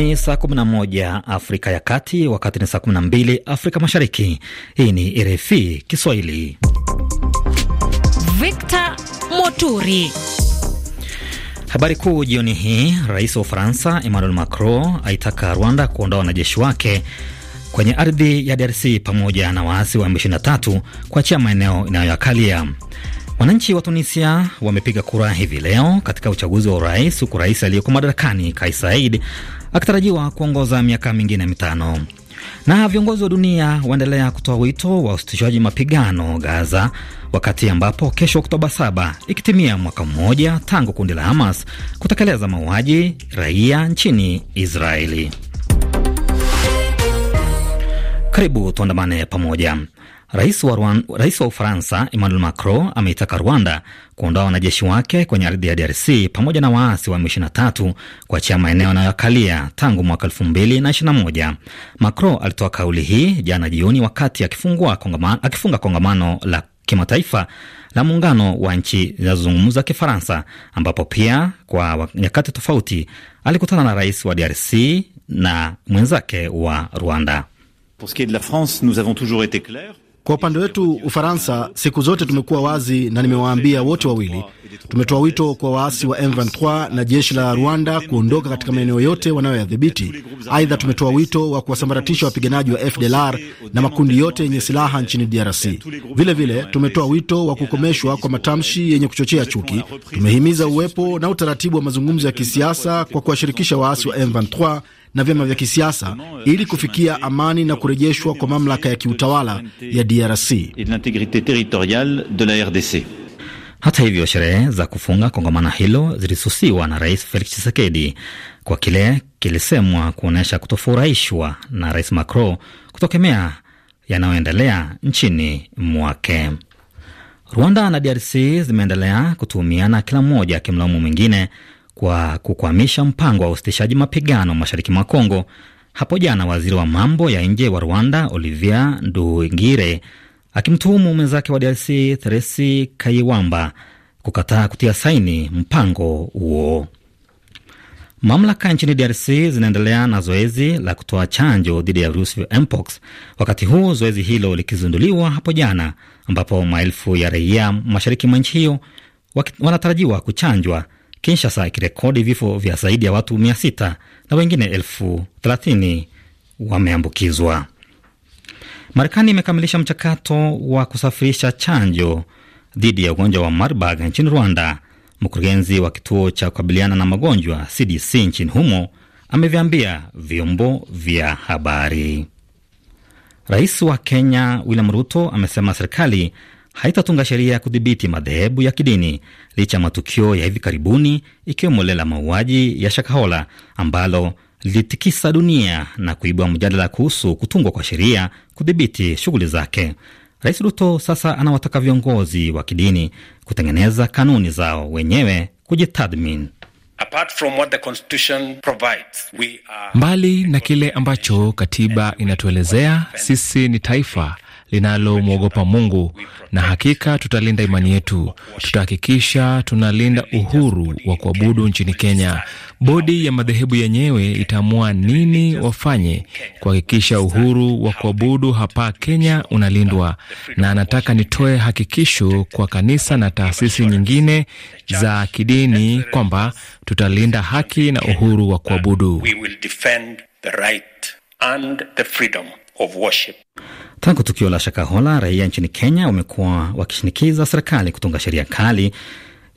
Ni saa 11 Afrika ya Kati, wakati ni saa 12 Afrika Mashariki. Hii ni RFI Kiswahili. Victor Moturi. Habari kuu jioni hii: Rais wa Ufaransa Emmanuel Macron aitaka Rwanda kuondoa wanajeshi wake kwenye ardhi ya DRC pamoja na waasi wa M23 kuachia maeneo inayoyakalia. Wananchi wa Tunisia wamepiga kura hivi leo katika uchaguzi wa urais, huku rais aliyeko madarakani Kais Saied akitarajiwa kuongoza miaka mingine mitano. Na viongozi wa dunia waendelea kutoa wito wa usitishaji mapigano Gaza, wakati ambapo kesho Oktoba 7 ikitimia mwaka mmoja tangu kundi la Hamas kutekeleza mauaji raia nchini Israeli. Karibu tuandamane pamoja. Rais wa, Rwanda, rais wa Ufaransa Emmanuel Macron ameitaka Rwanda kuondoa wanajeshi wake kwenye ardhi ya DRC pamoja na waasi wa M23 kuachia maeneo yanayoakalia tangu mwaka 221 Macron alitoa kauli hii jana jioni wakati akifunga kongamano la kimataifa la muungano wa nchi zinazozungumza Kifaransa, ambapo pia kwa nyakati tofauti alikutana na rais wa DRC na mwenzake wa Rwanda. Pour ce qui est de la France, nous avons toujours été clairs. Kwa upande wetu Ufaransa, siku zote tumekuwa wazi na nimewaambia wote wawili. Tumetoa wito kwa waasi wa M23 na jeshi la Rwanda kuondoka katika maeneo yote wanayoyadhibiti. Aidha, tumetoa wito wa kuwasambaratisha wapiganaji wa FDLR na makundi yote yenye silaha nchini DRC. Vilevile vile, tumetoa wito wa kukomeshwa kwa matamshi yenye kuchochea chuki. Tumehimiza uwepo na utaratibu wa mazungumzo ya kisiasa kwa kuwashirikisha waasi wa M23 na vyama vya kisiasa ili kufikia amani na kurejeshwa kwa mamlaka ya kiutawala ya DRC. Hata hivyo, sherehe za kufunga kongamano hilo zilisusiwa na Rais Felix Tshisekedi kwa kile kilisemwa kuonyesha kutofurahishwa na Rais Macron kutokemea yanayoendelea nchini mwake. Rwanda na DRC zimeendelea kutuhumiana, kila mmoja akimlaumu mwingine kwa kukwamisha mpango wa usitishaji mapigano mashariki mwa Kongo. Hapo jana waziri wa mambo ya nje wa Rwanda Olivia Nduhungirehe akimtuhumu mwenzake wa DRC Theresi Kayiwamba kukataa kutia saini mpango huo. Mamlaka nchini DRC zinaendelea na zoezi la kutoa chanjo dhidi ya virusi vya mpox, wakati huu zoezi hilo likizinduliwa hapo jana, ambapo maelfu ya raia mashariki mwa nchi hiyo wanatarajiwa kuchanjwa Kinshasa ikirekodi vifo vya zaidi ya watu mia sita na wengine elfu thelathini wameambukizwa. Marekani imekamilisha mchakato wa kusafirisha chanjo dhidi ya ugonjwa wa Marburg nchini Rwanda. Mkurugenzi wa kituo cha kukabiliana na magonjwa CDC nchini humo ameviambia vyombo vya habari. Rais wa Kenya William Ruto amesema serikali haitatunga sheria ya kudhibiti madhehebu ya kidini licha ya matukio ya hivi karibuni ikiwemo lela mauaji ya Shakahola ambalo lilitikisa dunia na kuibua mjadala kuhusu kutungwa kwa sheria kudhibiti shughuli zake. Rais Ruto sasa anawataka viongozi wa kidini kutengeneza kanuni zao wenyewe kujitathmini. Apart from what the Constitution provides, we are... mbali na kile ambacho katiba inatuelezea, sisi ni taifa linalomwogopa Mungu, na hakika tutalinda imani yetu. Tutahakikisha tunalinda uhuru wa kuabudu nchini Kenya. Bodi ya madhehebu yenyewe itaamua nini wafanye kuhakikisha uhuru wa kuabudu hapa Kenya unalindwa, na anataka nitoe hakikisho kwa kanisa na taasisi nyingine za kidini kwamba tutalinda haki na uhuru wa kuabudu of worship. Tangu tukio la Shakahola, raia nchini Kenya wamekuwa wakishinikiza serikali kutunga sheria kali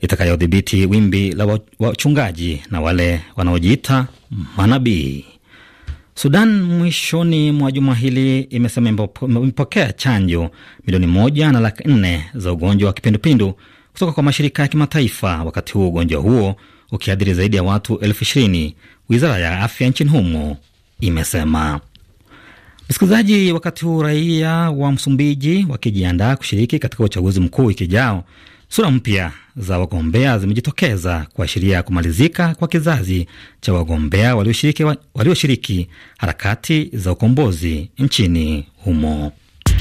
itakayodhibiti wimbi la wachungaji na wale wanaojiita manabii. Sudan mwishoni mwa juma hili imesema imepokea chanjo milioni moja na laki nne za ugonjwa wa kipindupindu kutoka kwa mashirika ya kimataifa, wakati huu ugonjwa huo ukiathiri zaidi ya watu elfu ishirini, wizara ya afya nchini humo imesema. Msikilizaji, wakati huu raia wa Msumbiji wakijiandaa kushiriki katika uchaguzi mkuu wiki ijao, sura mpya za wagombea zimejitokeza kuashiria kumalizika kwa kizazi cha wagombea walioshiriki wa, walioshiriki harakati za ukombozi nchini humo.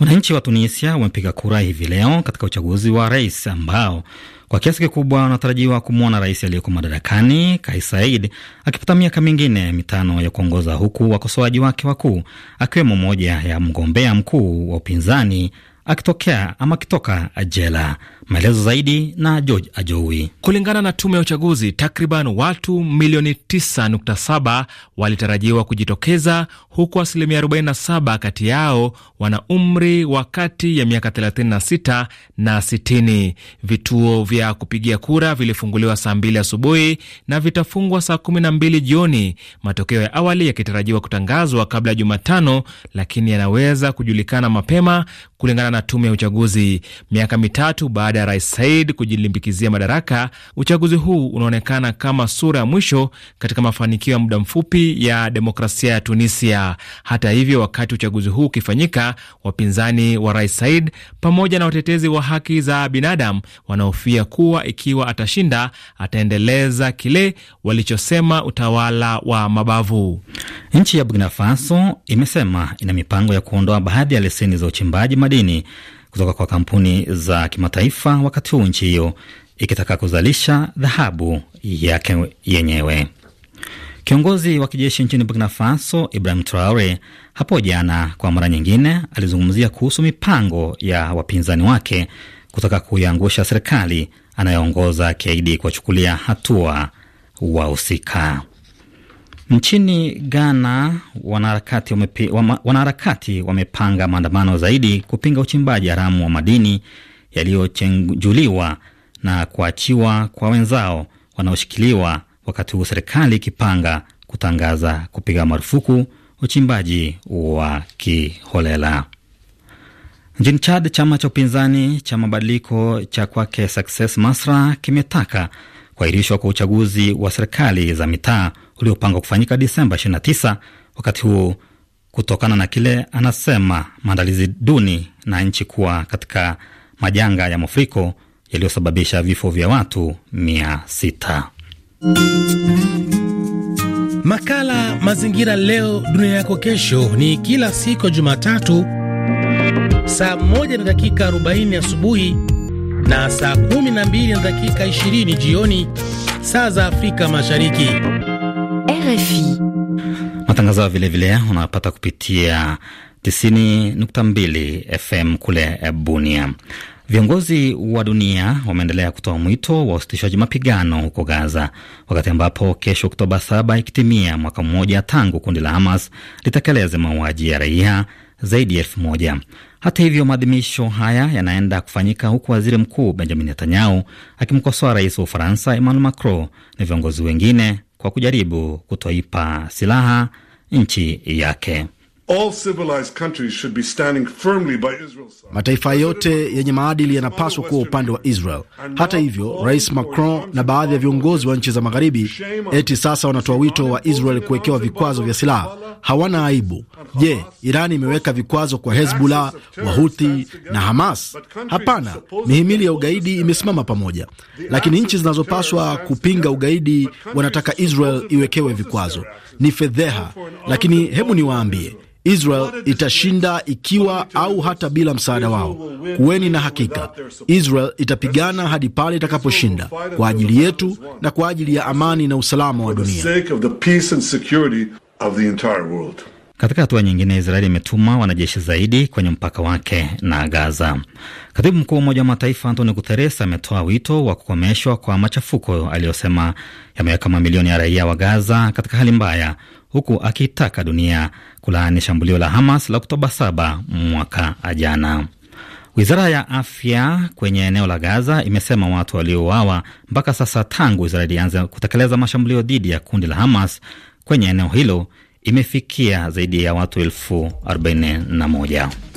Wananchi wa Tunisia wamepiga kura hivi leo katika uchaguzi wa rais ambao kwa kiasi kikubwa wanatarajiwa kumwona rais aliyeko madarakani Kais Saied akipata miaka mingine mitano ya kuongoza, huku wakosoaji wake wakuu akiwemo moja ya mgombea mkuu wa upinzani akitokea ama akitoka jela. Maelezo zaidi na George Ajowi. Kulingana na tume ya uchaguzi, takriban watu milioni 9.7 walitarajiwa kujitokeza, huku asilimia 47 kati yao wana umri wa kati ya miaka 36 na 60. Vituo vya kupigia kura vilifunguliwa saa 2 asubuhi na vitafungwa saa 12 jioni, matokeo ya awali yakitarajiwa kutangazwa kabla ya Jumatano, lakini yanaweza kujulikana mapema kulingana na na tume ya uchaguzi. Miaka mitatu baada ya rais Said kujilimbikizia madaraka, uchaguzi huu unaonekana kama sura ya mwisho katika mafanikio ya muda mfupi ya demokrasia ya Tunisia. Hata hivyo, wakati uchaguzi huu ukifanyika, wapinzani wa rais Said pamoja na watetezi wa haki za binadamu wanahofia kuwa ikiwa atashinda, ataendeleza kile walichosema utawala wa mabavu. Nchi ya Burkina Faso imesema ina mipango ya kuondoa baadhi ya leseni za uchimbaji madini kutoka kwa kampuni za kimataifa, wakati huu nchi hiyo ikitaka kuzalisha dhahabu yake yenyewe. Kiongozi wa kijeshi nchini Burkina Faso Ibrahim Traore hapo jana kwa mara nyingine alizungumzia kuhusu mipango ya wapinzani wake kutaka kuiangusha serikali anayoongoza akiahidi kuwachukulia hatua wahusika. Nchini Ghana wanaharakati wame, wanaharakati wamepanga maandamano zaidi kupinga uchimbaji haramu wa madini yaliyochenjuliwa na kuachiwa kwa wenzao wanaoshikiliwa, wakati huu serikali ikipanga kutangaza kupiga marufuku uchimbaji wa kiholela. Nchini Chad, chama cha upinzani cha mabadiliko cha kwake Success Masra kimetaka kuahirishwa kwa uchaguzi wa serikali za mitaa uliopangwa kufanyika Disemba 29, wakati huu kutokana na kile anasema maandalizi duni na nchi kuwa katika majanga ya mafuriko yaliyosababisha vifo vya watu 600. Makala Mazingira Leo Dunia Yako Kesho ni kila siku ya Jumatatu saa 1 na dakika 40 asubuhi na saa 12 na dakika 20 jioni saa za Afrika Mashariki. RFI. Matangazo vile vilevile unapata kupitia 90.2 FM kule Bunia. Viongozi wa dunia wameendelea kutoa mwito wa usitishaji mapigano huko Gaza, wakati ambapo kesho Oktoba 7 ikitimia mwaka mmoja tangu kundi la Hamas litekeleze mauaji ya raia zaidi ya elfu moja. Hata hivyo, maadhimisho haya yanaenda kufanyika huku waziri mkuu Benjamin Netanyahu akimkosoa rais wa Ufaransa Emmanuel Macron na viongozi wengine kwa kujaribu kutoipa silaha nchi yake. All civilized countries should be standing firmly by Israel's side. Mataifa yote yenye maadili yanapaswa kuwa upande wa Israel. Hata hivyo, Rais Macron na baadhi ya viongozi wa nchi za Magharibi eti sasa wanatoa wito wa Israel kuwekewa vikwazo vya silaha. Hawana aibu. Je, Irani imeweka vikwazo kwa Hezbollah, Wahuthi na Hamas? Hapana, mihimili ya ugaidi imesimama pamoja, lakini nchi zinazopaswa kupinga ugaidi wanataka Israel iwekewe vikwazo. Ni fedheha, lakini hebu niwaambie Israel itashinda ikiwa au hata bila msaada wao. Kuweni na hakika, Israel itapigana hadi pale itakaposhinda, kwa ajili yetu na kwa ajili ya amani na usalama wa dunia. Katika hatua nyingine, Israeli imetuma wanajeshi zaidi kwenye mpaka wake na Gaza. Katibu mkuu wa Umoja wa Mataifa Antonio Guterres ametoa wito wa kukomeshwa kwa machafuko aliyosema yameweka mamilioni ya raia wa Gaza katika hali mbaya, huku akitaka dunia kulaani shambulio la Hamas la Oktoba 7 mwaka jana. Wizara ya afya kwenye eneo la Gaza imesema watu waliouawa mpaka sasa tangu Israeli ianze kutekeleza mashambulio dhidi ya kundi la Hamas kwenye eneo hilo imefikia zaidi ya watu elfu 41.